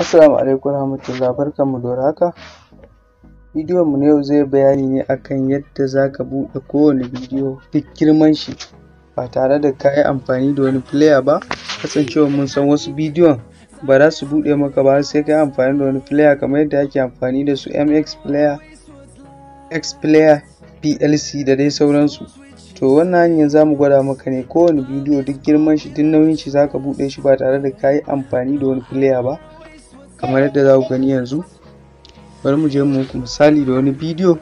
Assalamu alaikum warahmatullahi barkanmu da haka. Bidiyon mu na yau zai bayani ne akan yadda za ka buɗe kowane bidiyo duk girman shi ba tare da ka yi amfani da wani player ba kasancewar mun san wasu bidiyon ba za su buɗe maka ba sai ka yi amfani da wani player kamar yadda ake amfani da su MX player, X player, PLC da dai sauransu. to wannan hanyar za mu gwada maka ne kowane bidiyo duk girman shi duk nauyin shi za ka buɗe shi ba tare da ka yi amfani da wani player ba kamar yadda za ku gani yanzu bari mu je mu muku misali da wani bidiyo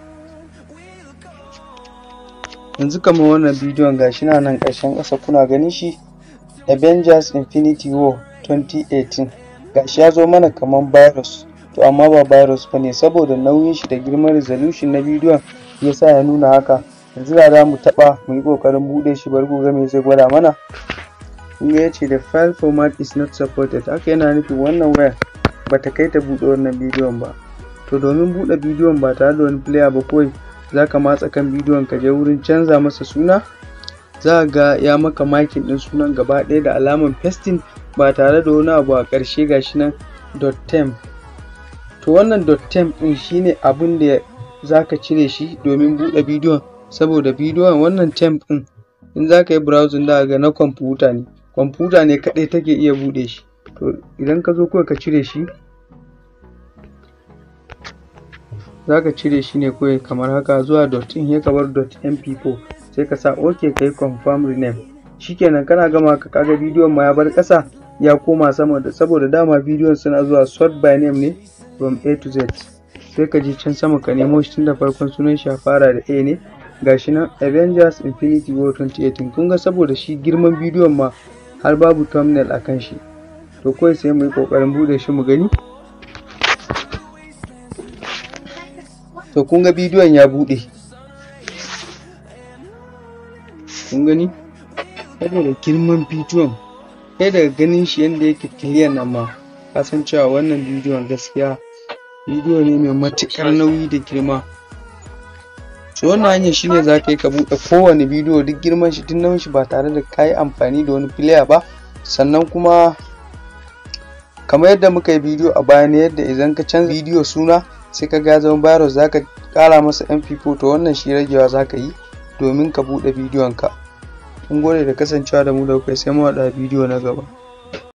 yanzu kamar wannan bidiyon gashi na nan ƙarshen ƙasa kuna ganin shi avengers infinity war 2018 gashi ya zo mana kamar virus to amma ba virus ba ne saboda nauyin shi da girman resolution na bidiyon ya sa ya nuna haka yanzu da za mu taɓa mu yi ƙoƙarin buɗe shi bari ku ga me zai gwada mana in ya ce the file format is not supported haka yana nufin wannan wayar bata kai ta buɗe wannan bidiyon ba to domin buɗe bidiyon ba tare da wani player ba kawai za ka matsa kan bidiyon ka je wurin canza masa suna za ga ya maka makin ɗin sunan gaba ɗaya da alaman pasting ba tare da wani abu a ƙarshe shi nan .temp to wannan .temp ɗin shine abin da za ka cire shi domin buɗe bidiyon saboda bidiyon wannan temp ɗin in za ka yi browsing da ga na kwamfuta ne kwamfuta ne kaɗai take iya buɗe shi to idan ka zo kawai ka cire shi za ka cire shi ne kawai kamar haka zuwa dot in ya kabar dot mp4 sai ka sa ok ka yi confirm rename shikenan kana gama ka kaga bidiyon ma ya bar kasa ya koma sama da saboda dama bidiyon suna zuwa sort by name ne from a to z sai ka je can sama ka nemo shi tun da farkon sunan shi fara da a ne gashi nan avengers infinity war 2018 kun ga saboda shi girman bidiyon ma har babu thumbnail kan shi to kawai sai mu yi ƙoƙarin bude shi mu gani to kun ga bidiyon ya bude kun gani da girman bidiyon Sai daga ganin shi yadda yake kiliyan nan ma ka cewa wannan bidiyon gaskiya bidiyo ne mai matukar nauyi da girma so wannan hanyar shine za ka yi ka buɗe kowane bidiyo duk girman shi tun nauyin shi ba tare da ka yi amfani da wani player ba sannan kuma kamar yadda muka yi bidiyo a baya ne yadda idan ka canza bidiyo suna sai ka ga zama virus za ka kara masa mp4 ta wannan shi ragewa za ka yi domin ka buɗe bidiyon ka gode da kasancewa da mu da kai sai mu haɗa bidiyo na gaba